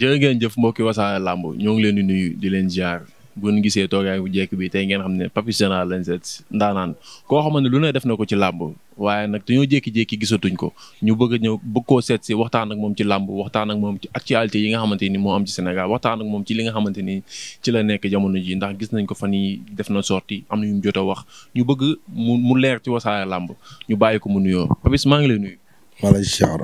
jërë ngeen jëf mbokki wasaare làmb ñoo ngi leen di nuyu di leen ziar bu ñu gisee toogaay bu jekk bi tey ngeen xam ne Papis Général lañ seet ndaanaan koo xam ne lu ne def na ko ci làmb waaye nag dañoo jékki-jékki gisatuñ ko ñu bëgg a ñëw bëgg koo seet si waxtaan ak moom ci làmb waxtaan ak moom ci actualité yi nga xamante ni moo am ci Sénégal waxtaan ak moom ci li nga xamante ni la nekk jamono ji ndax gis nañ ko fan yi def na sorti am na jot a wax ñu bëgg mu mu leer ci wasaare làmb ñu bàyyi ko mu nuyoo maa ngi lay nuyu. maa ngi lay ziar.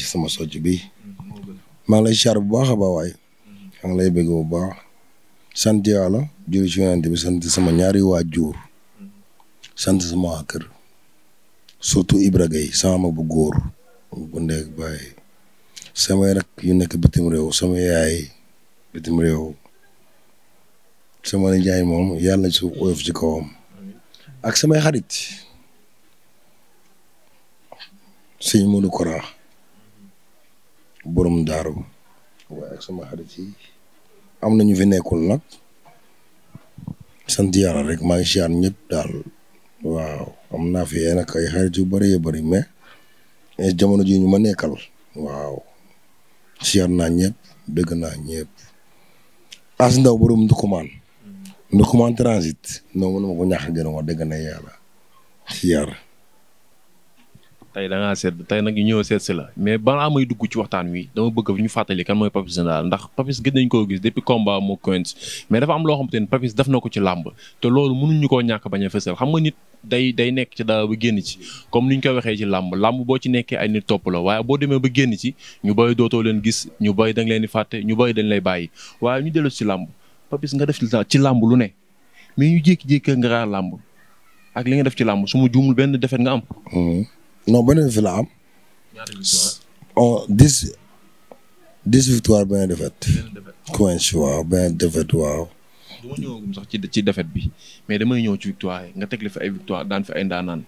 sama socc bi maa ngi lay char bu baax a baax waay mm-hmm. maa ngi lay bëgg bu baax sant yàlla jur ci sama ñaari waajur mm-hmm. sant sama waa kër surtout Ibra Gueye sama bu góor bu ndeeg baay samay rak yu nekk bitim réew sama yaay bitim réew sama nijaay moom yàlla suuf oyof ci kawam ak samay xarit sëñ Modou Kora borom daaru waaye ak sama xarit yi am na ñu fi nekkul nag sant yàlla rek maa ngi siyaar ñëpp daal waaw am naa fi yéen ak ay xarit yu bëri yu bëri mais jamono ji ñu ma nekkal waaw siyaar naa ñëpp dëgg naa ñëpp as ndaw borom ndukumaan mm-hmm. ndukumaan transit non mënuma ko ñàkk gën a wax dëgg na yàlla siyaar tey da ngaa seet tey nag ñu ñëw seet si la mais balaa may dugg ci waxtaan wi dama bëgg ñu fàttali kan mooy Papis Général ndax Papis gëj nañ koo gis depuis combat moo Quench mais dafa am loo xamante ne Papis na ko ci làmb te loolu mënuñu koo ñàkk bañ a fësal xam nga nit day day nekk ci dara ba génn ci comme ni ñu ko waxee ci làmb làmb boo ci nekkee ay nit topp la waaye boo demee ba génn ci ñu bay dootoo leen gis ñu bay da leen di fàtte ñu bay dañ lay bàyyi waaye ñu dellu ci làmb Papis nga def ci làmb lu ne mais ñu jékki-jékki nga raar làmb ak li nga def ci làmb su ma juumul benn defet nga am mm-hmm. non benn fi la am. ñaata victoire. on oh, dix dix victoire benn défaite. Oh. waaw benn défaite waaw. du ma ñëwagum sax ci ci bi mais damay ñëw ci victoire yi nga teg li fi ay victoire daan fi ay ndaanaan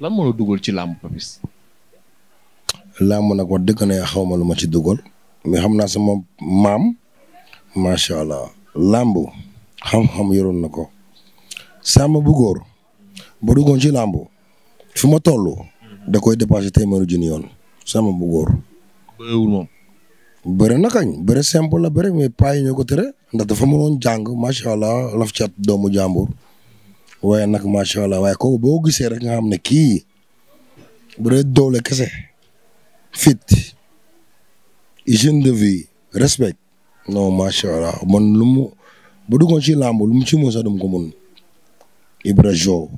la dugal ci làmb Papis. làmb nag wax dëgg na xaw ma lu ma ci dugal. mais xam naa sama maam. macha allah làmb xam-xam yoroon na ko. sàmm bu góor. ba duggoon ci làmb. fi ma toll. da koy dépassé téeméeru junni yoon. sama bu góor. bëriwul na kañ bëri simple la bëri mais paa yi ñoo ko tere ndax dafa mënoon jàng macha allah laf cat doomu jàmbur. waaye nag macha allah waaye kooku boo gisee rek nga xam ne kii bu dee kese. fit hygiène de vie respect. non macha allah man lu mu bu duggoon ci làmb lu mu ci mos dum ko Ibra Jo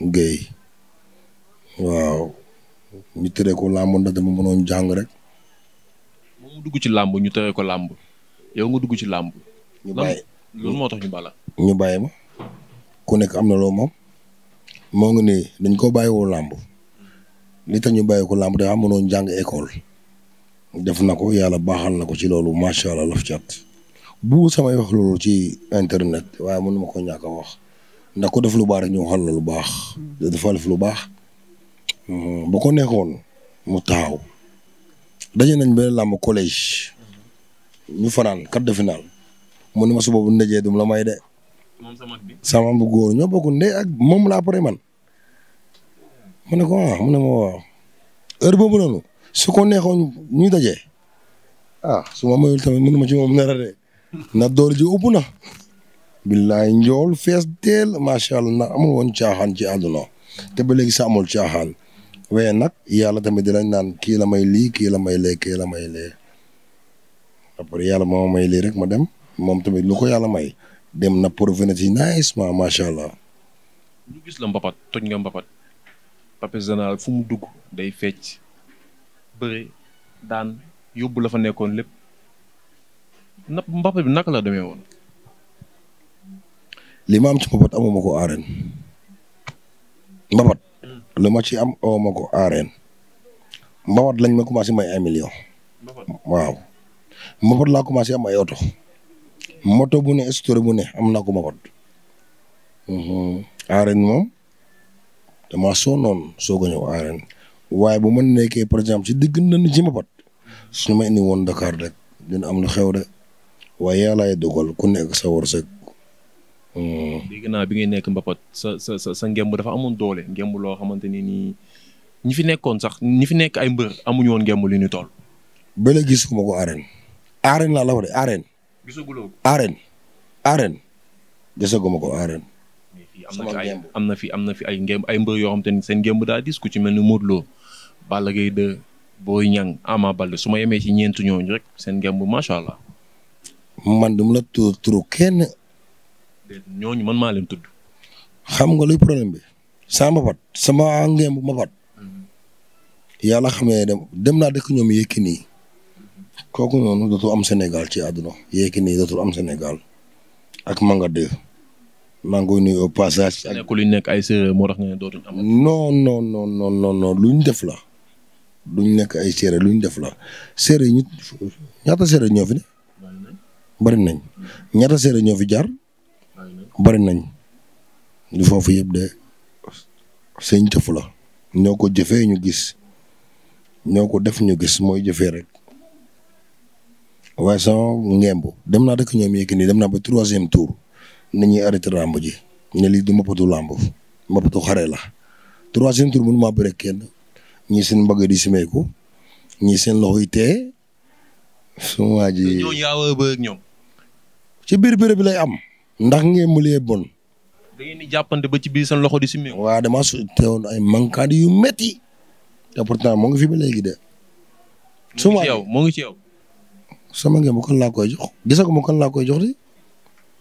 Gueye waaw ñu tëree ko làmb ndax dama mënoon jàng rek. mu dugg ci làmb ñu tëree ko làmb yow nga dugg ci làmb. ñu bàyyi loolu moo tax ñu ñu bàyyi ma ku nekk am na loo moom moo ngi nii dañ koo bàyyiwoo làmb li tax ñu bàyyi ko làmb dafa mënoon jàng école. def na ko yàlla baaxal na ko ci loolu macha allah laf cat bu samay wax loolu ci internet waaye mënuma koo ñàkk wax nda ko def lu baax rek ñu waxal la lu baax hmm. dafa def lu baax. Hmm, bu ko neexoon mu taaw daje nañ benn làmb collège ñu fanaan quart de finale mu ne ma suba bu ndajee dum la may de. moom sama bi bu góor ñoo bokk ndey ak moom laa après man mu ne ko ah mu ne ma waaw heure boobu noonu su ko neexoon ñu daje ah su ma mayul tamit mënu ma ci moom de na door ji ëpp na. billaay njool fees deel macha allah amul woon caaxaan ci àdduna te ba léegi sa amul caaxaan. waaye nag yàlla tamit di lañ naan kii la may lii kii la may le kii la may lee après yàlla moo may lii rek ma dem moom tamit lu ko yàlla may dem na provena ci nice ma macha allah. ñu gis la mbapat toj nga mbapat Papis Général fu mu dugg day fecc bëri daan yóbbu la fa nekkoon lépp na mbapat bi naka la demee woon. li ma am ci mbapat amuma ko aareen mbapat. lu ma ci am oo ma ko aareen mbapat lañ ma commencé may ay millions. waaw mbapat laa commencé am ay oto. moto bu ne story bu ne am naa ko mbapat. aareen mhm. moom damaa noon soog a ñëw aareen waaye bu ma nekkee par exemple ci digg nañu ci mbapat suñu ma indi woon Dakar rek dina am lu xew de waaye yàllaay dogal ku nekk sa wërsëg Mm. dégg naa bi ngay nekk mbapat sa sa sa ngemb dafa amoon doole ngemb loo xamante ni nii ñi fi nekkoon sax ñi fi nekk ay mbër amuñu woon ngemb li ñu toll. ba léegi gisuma ko arène. arène laa la wax de ko arène. arène am na fi am na fi ay ngemb ay mbër yoo xamante ni seen ngemb daa dis ku ci mel ni Modou Lo. Balla Gaye 2 Boy Niang Ama Baldé su ma yemee ci ñeentu ñooñu rek seen ngemb macha allah. man dama la tur turu kenn. ñooñu man maa leen tudd. xam nga luy problème bi. saa mbapat sama ngemb mbapat. yàlla xam ne dem dem naa dëkk ñoom Yékini kooku noonu dootul am senegal ci àdduna Yékini dootul am senegal ak Manga 2 maa ngi koy nuyu au nekk ay séeréer moo tax ne dootul am. non non lu ñu def la lu nekk ay séeréer lu ñu def la séeréer yi ñu ñaata séeréer ñoo fi ne. jaar. bari nañ ñu foofu yëpp de seen jëf la ñoo ko jëfee ñu gis ñoo ko def ñu gis mooy jëfee rek waaye sama ngemb dem naa dëkk ñoom Yékini dem naa ba troisième tour nañuy arrêté làmb ji ne lii du mëppatu làmb mëppatu xare la troisième tour mënu maa bëre kenn ñii seen mbagg di simeeku ñii seen loxo yi tee su ci biir béréb bi lay am. ndax ngeen mulee bon. da ngeen ba ci biir seen loxo di si. waaw damaa su teewoon ay mankaani yu metti te pourtant moo ngi fi ba léegi de. suma ma yow moo ngi ci yow. sama ngeen mu kan laa koy jox gisako mu kan laa koy jox di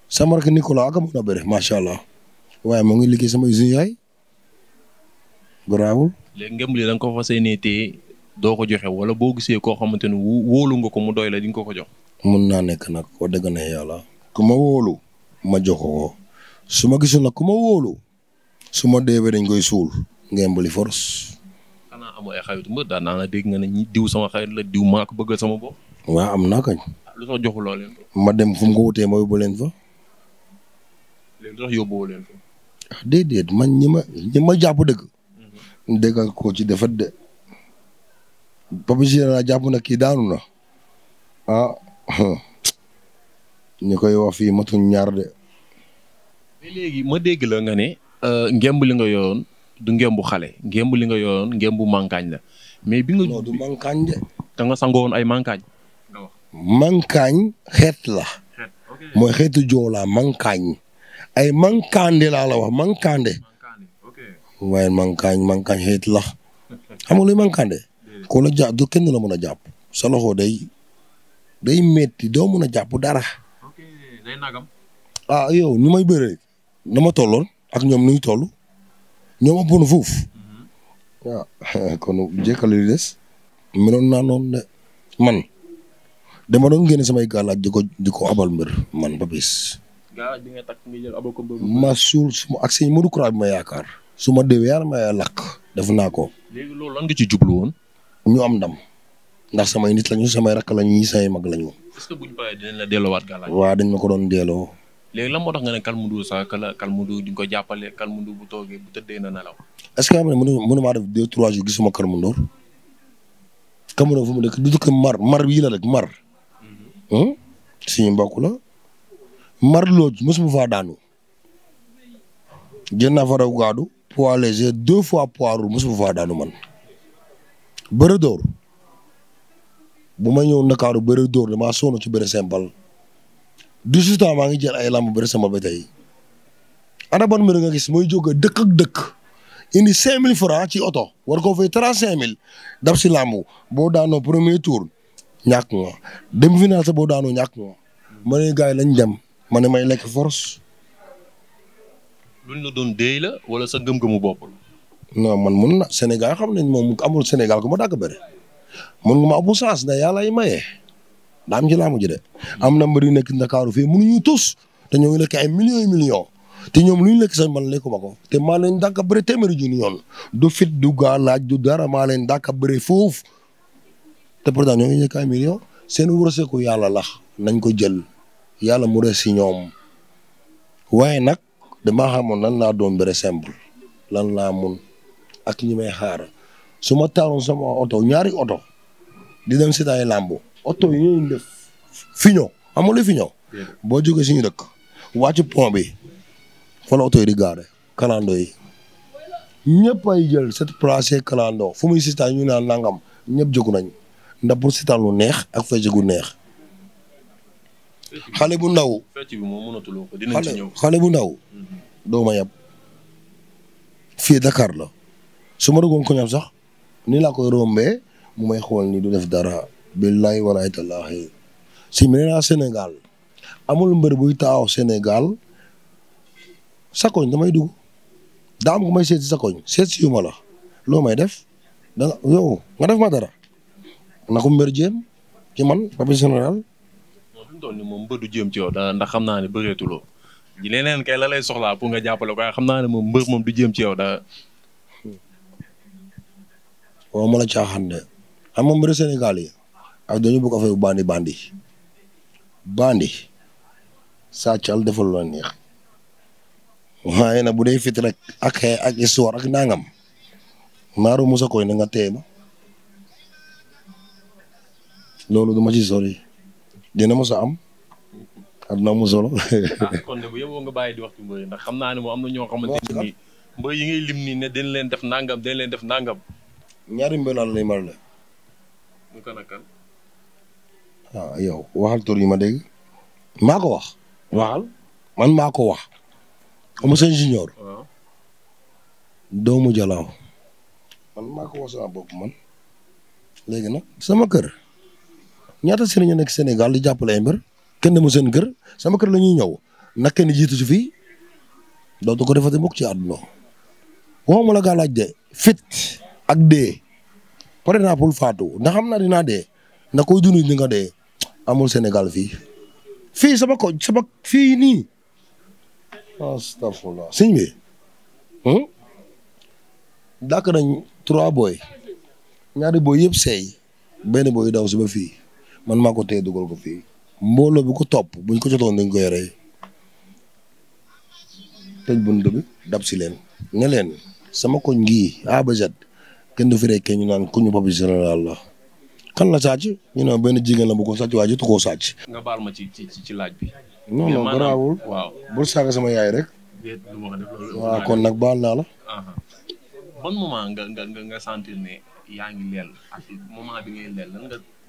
sama rakk Nicolas ak mun a bëre macha allah waaye moo ngi liggéey sama usine yaay. garaawul. léegi ngeen mu da ko fas yéenee téye doo ko joxe wala boo gisee koo xamante ni wóolu nga ko mu doy la di ko ko jox. mun naa nekk nag wax dëgg na yàlla. ku ma wóolu. ma jox ko su ma gisul nag ku ma wóolu ma deewee dañ koy suul ngembali force. xanaa amoo ay xarit mbër daan naa la sama xarit la diw maa ko bëggal sama bopp. waaw am na kañ. Ah, lu ma dem fu mu ko ma yóbbu leen fa. léegi lu ah, ma ñi ma jàpp dëgg. Mhm. déggal ko ci defet de. Papis Général jàpp na kii daanu na. ah koy wax fii matuñ ñaar de. mais ma dégg la nga ne euh, ngemb li nga yoroon du ngembu xale gemb li nga yoroon ngembu mankaañ la mais bi nga. non du mankaañ de. da nga sangoon ay mankaañ. mankaañ xeet la. mooy xeetu joolaa mankaañ. ay mankaande laa la wax mankaande. waaye mankaañ mankaañ xeet la. xam nga luy mankande ku la jàpp du kenn la mën a jàpp sa loxo day day metti doo mën a jàpp dara. ah yow ni may bëree na ma tolloon ak ñoom nu ñu toll ñoom ëppoon foofu ah, waaw kon jékkalu li des meloon naa noonu de man dama doon génne samay gàllaaj di ko ko abal mbër man Papis. gàllaaj bi nga takk nga jël ko mbër. ma suul su ma ak sëñ Modou Kura ma yaakaar. su ma déwee yàlla ma lakk. def naa ko. léegi loolu lan ci jublu woon. ñu am ndam. ndax samay nit lañu samay rakk lañu ñi samay mag lañu. est-ce que buñ waaw dañ ma ko doon delloo. léegi la moo tax nga ne Kalmoundou sax kala Kalmoundou di nga ko jàppale Kalmoundou bu toogee bu tëddee na nelaw. est-ce que am na maa def deux trois jours gisuma Kalmoundou. Kalmoundou fu mu nekk du dëkk mar mar bii la rek mar. Mm-hmm. Hmm? suñu mbokk la. mar looj mosuma faa daanu. jënd naa fa raw gaadu. poids léger deux fois poids lourd mosuma faa daanu man. bëre door bu ma ñëw Ndakaaru bëre door damaa sonn ci bëre simple. 18 ans maa ngi jël ay lamb bëri sama ba tey ana ban mbir nga gis mooy jóg dëkk ak dëkk indi 5000 francs ci oto war koo fay 35000 dab si lamb boo daanoo premier tour ñàkk nga dem final sa boo daanoo ñàkk nga ma lañ dem ma ne may lekk force. luñ la doon déey la wala sa gëm bopp la. non man mun xam nañ moom amul Sénégal ku ma dàgg bëri mun nga ma abu chance na yàlla ay maye. daa am ci laa mujj de am na mbër yu nekk Ndakaaru fii mënuñu tus te ñoo ngi lekk ay million et te ñoom lu ñu lekk sax man lekkuma ko te maa leen dàkk bëre téeméeri junni yoon du fit du gaa laaj du dara maa leen dàkk bëre foofu te pourtant ñoo ngi lekk ay millions seen wërsëgu yàlla lax nañ ko jël yàlla mu des si ñoom waaye nag damaa xamoon lan naa doon bëre simple lan laa mun ak ñi may xaar su ma taaroon sama oto ñaari oto di dem si ay làmbu oto yooyu ñu def fiño xam nga fiño boo jógee suñu dëkk wàcc pont bi fa la oto yi di gaare kalandoo yi ñëpp ay jël cette place kalandoo fu muy sitaan ñu naan nangam ñëpp jógu nañ ndax pour sitaan lu neex ak fecc gu neex xale bu ndaw xale bu ndaw mhm. doo yab fii Dakar la su ma duggoon sax nii laa koy rombee mu may xool ni du def dara billahi walaay talaahi si nee naa Sénégal amul mbër buy taaw Sénégal sakoñ koñ may dugg daa am may seet si sa koñ si yu loo may def da nga yow nga def ma dara na mbër jéem ci man Pape Général. moom fi moom mbër du jéem ci yow ndax xam naa ne bëreetuloo ji leneen la lay soxlaa pour nga jàppale ko xam naa ne moom mbër moom du jéem ci yow da waaw ma Sénégal yi ak dañu bëgg affaire bandi bandi bandi sàccal defal la neex waaye nag bu dee fit rek ak xee ak histoire ak nangam naaru Moussa koy na nga téye ma loolu duma ci sori dina mos a am àdduna mu solo. Ah, kon de bu nga bàyyi di wax ci mbër yi ndax xam naa ne moom am na ñoo xamante ni mbër yi ngay lim nii ne dañ leen def nangam dañ leen def nangam. ñaari mbër laa lay maral. waaw ah, yow waxal tur yi ma dégg. maa ko wax. waxal man maa ko wax. monsieur Junior. waaw. doomu Jalaaw. man maa ko wax sama man. léegi nag sama kër. ñaata sëriñ ñu nekk Sénégal di jàppale ay mbër. kenn demul seen kër sama kër la ñuy ñëw nag kenn jiitu dootu ko defati mukk ci àdduna. waxuma la gaa laaj fit ak pare naa pour faatu ndax xam naa dinaa dee na nga dee amul Sénégal fii fii sama ko sama fii nii astafurlah sëñ bi hmm? dàkk nañ trois boy ñaari boy yëpp sey benn boy daw si ba fii man maa ko téye dugal ko fii mbooloo bi ko topp buñ ko jotoon dañ koy rey tëj bunt bi dab si leen ne leen sama koñ gii A ba Z kenn du fi rey kenn ñu naan kuñu Papis Général la kan la sàcc ñu ne benn jigéen la bu ko sàcc waaye jotu koo sàcc. nga baal ma ci ci ci laaj bi. non non garaawul waaw bul sama yaay rek. waaw kon nag baal naa la. ban moment nga nga nga ne yaa ngi leel ak moment bi nga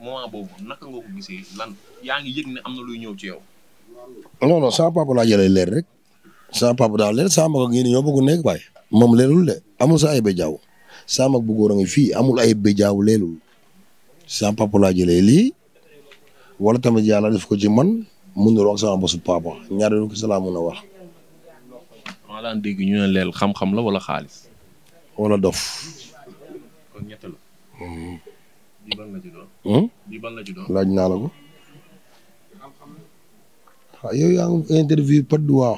moment boobu na luy ñëw ci yow. non non sama papa laa jëlee leer rek sama papa daa leer sama mag ak yéen ñoo bëgg nekk baay moom leelul de amul sa ay béjaaw sama mag bu góor a ngi fii amul ay béjaaw leelul. sama papa laa jëlee lii wala tamit yàlla def ko ci man mun na wax sama bosu papa ñaar yoon ko si laa mun ñu ne leel la wala xaalis. wala dof. kon hmm. hmm? laaj naa la ko. Ah, yaa interview pat du waaw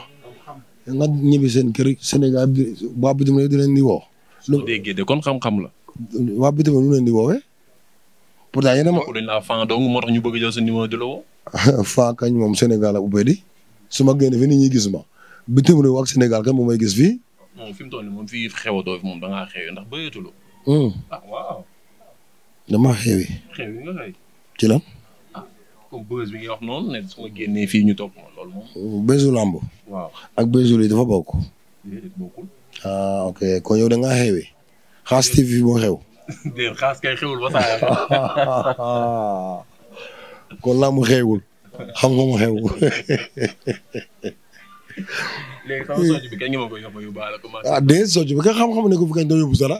nga ñibbi seen kër Sénégal bi waa bitim réew di leen di woo. su de kon xam-xam la. waa bitim réew lu leen di pourtant yéen na ma. dañ laa fan dong moo tax ñu bëgg a jël sa numéro di la woo. kañ moom Sénégal ak ubbedi su ma génn fi nit ñi gis ma bitim réew ak Sénégal kan moom may gis fii. fi mu toll nii moom fii xewatoo fi moom da ngaa xew ndax bëreetuloo. Hmm. ah waaw. damaa xewi. xewi wax noonu fii ñu topp ma loolu moom. Hmm, bésu làmb. waaw ak bésu lii dafa bokk. bokkul. ah ok kon yow da ngaa xewi. xaas moo xew. déet xaas kay xewul wasaare. kon laa mu xewul xam nga mu xewul. léegi sama socc bi kañ nga ma koy yóbbu ah, xam-xam ne ko fi kañ doon yóbbu dara.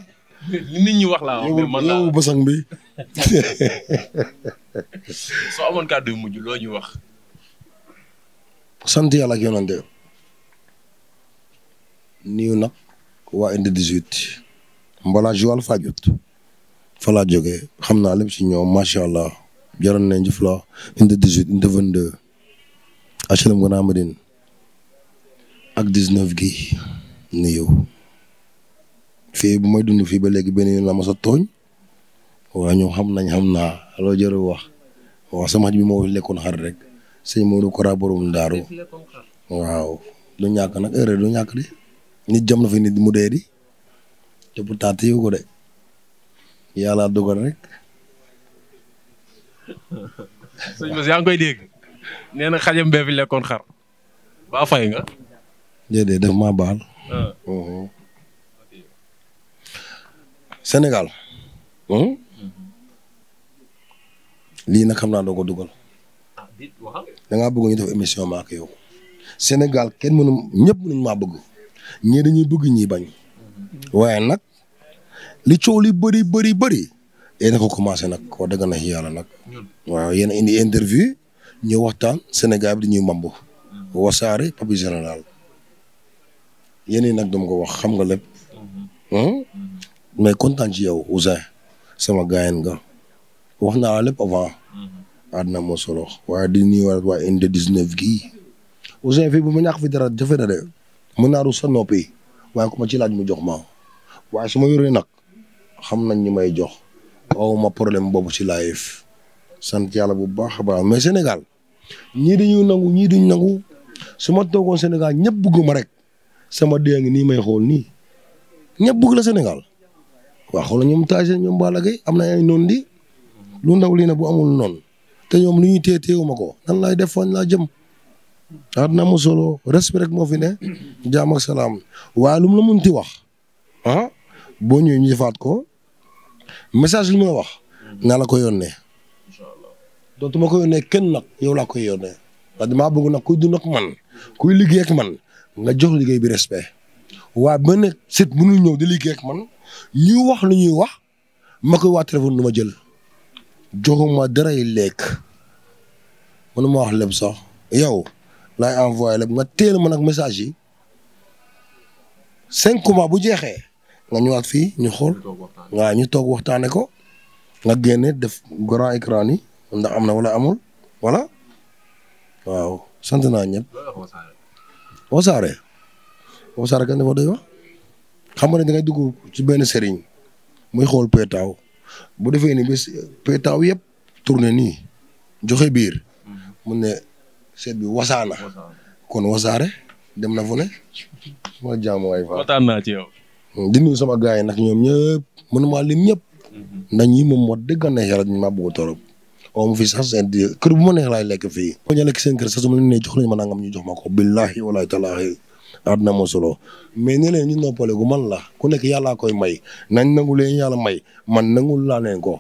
li nit ñi wax la wax mais man laa yóbbu basang bi. soo amoon kàddu yu mujj loo ñuy wax. sant yàlla ak yonante niw nag waa indi 18 Mbala Joal Fadiouth fa laa jógee xam naa lépp si ñoom macha allah jaroon nañ jëf la unité 18 unité 22 HLM Grand Médine ak 19 gi ni yow fii bu may dund fii ba léegi benn yoon la ma sa tooñ waaw ñoom xam nañ xam naa loo jëru wax waaw sama xaj bi moo lekkoon xar rek sëñ Modou Kora borom daaru waaw du ñàkk nag erreur du ñàkk de nit jam na fi nit mu dee di bu taat yow ko de. yàlla dugal rek. sëñ Bass yaa ngi koy dégg xajam bee fi xar ba fay nga. déedéet daf maa baal. Ah. Mhm. Sénégal. Hmm? lii nag xam naa doo ko dugal. Ah, da ngaa bëgg def émission ma ak yow. Sénégal kenn mënu ñëpp mënuñ maa bëgg ñii dañuy bëgg ñii bañ. Mhm. waaye nag. li coow li bari bari bëri yéen a ko commencé nag wax dëgg na yàlla nag. waaw yen indi interview ñu waxtaan senegal bi di ñuy mambu. Mm-hmm. wasaare papi général. yéen ñi nag dama ko wax xam nga lépp. Mm-hmm. Hmm? Mm-hmm. mais kontaan ci yow Ouzin sama gaayen nga wax naa lépp avant. àddina moo solo waaye di nuyuwaat waa inde 19 gii. Ouzin bu ma ñàkk fi dara jafe na de. mën naa ru sa noppi waaye ku ci laaj mu jox ma waaye su ma yoree nag. am nañ ñu may jox ma problème boobu ci live sant yàlla bu baax a baax mais Sénégal ñii dañuy nangu ñii duñ nangu su ma toogoon Sénégal ñëpp bëgg rek sama dée ngi nii may xool nii ñëpp bëgg la Sénégal waaw xoolal ñoom Taïsé ñoom Balla Gaye am na ay noon di lu ndaw lii na bu amul noonu te ñoom lu ñuy téye téewu ma ko nan lay def fan laa jëm àddina mu solo respect moo fi ne jaam ak salaam waaye lu mu la munti wax ah boo ñëwee ñu defaat ko message li ma wax. naa la ko yónnee. incha allah ko yónnee kenn nag yow laa koy yónnee. ndax damaa bëgg nag kuy dund man kuy liggéey ak man nga jox liggéey bi respe waa benn site mënul ñëw di liggéey ak man ñuy wax lu ñuy wax ma ko waa téléphone du ma jël joxuma dara yi lekk ma wax leb sax yow laay envoyé lépp nga teel ma nag message yi cinq bu jeexee. nga ñëwaat fii ñu xool waaw ñu toog waxtaane ko nga génne def grand écran yi ndax am na wala amul wala waaw sant naa ñëpp wasaare wasaare kan dafa doy xam nga ne da ngay dugg ci benn sëriñ muy xool peetaaw bu defee ni bés peetaaw yëpp tourné nii joxe biir mun ne seet bi wasaana kon wasaare dem na fu ne ma jaamu waay fa di nuyu sama gars yi nag ñoom ñëpp mënuma lim ñëpp. Mhm. na ñi moom moo dëgg a neex a ñu maa bëgg torop oo ma fi sax seen kër bu ma neex laay lekk fii. ko ñu lekk seen kër sax su ma leen jox lañ ma nangam ñu jox ma ko billahi walaay talaahi àddina moo solo mais ne leen ñu noppale gu man la ku nekk yàllaa koy may nañ nangu leen yàlla may man nangul laa leen ko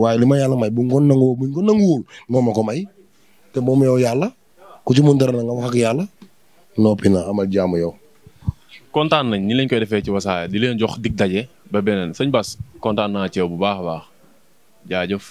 waaye li ma yàlla may bu ñu ko nangoo bu ñu ko nanguwul moo ma ko may te moom yow yàlla ku ci mun dara na nga wax ak yàlla noppi na amal jaamu yow. kontaan nañ ñi lañ koy defee ci wasaare di leen jox dig daje ba beneen sëñ Bas kontaan naa ci yow bu baax a baax jaajëf.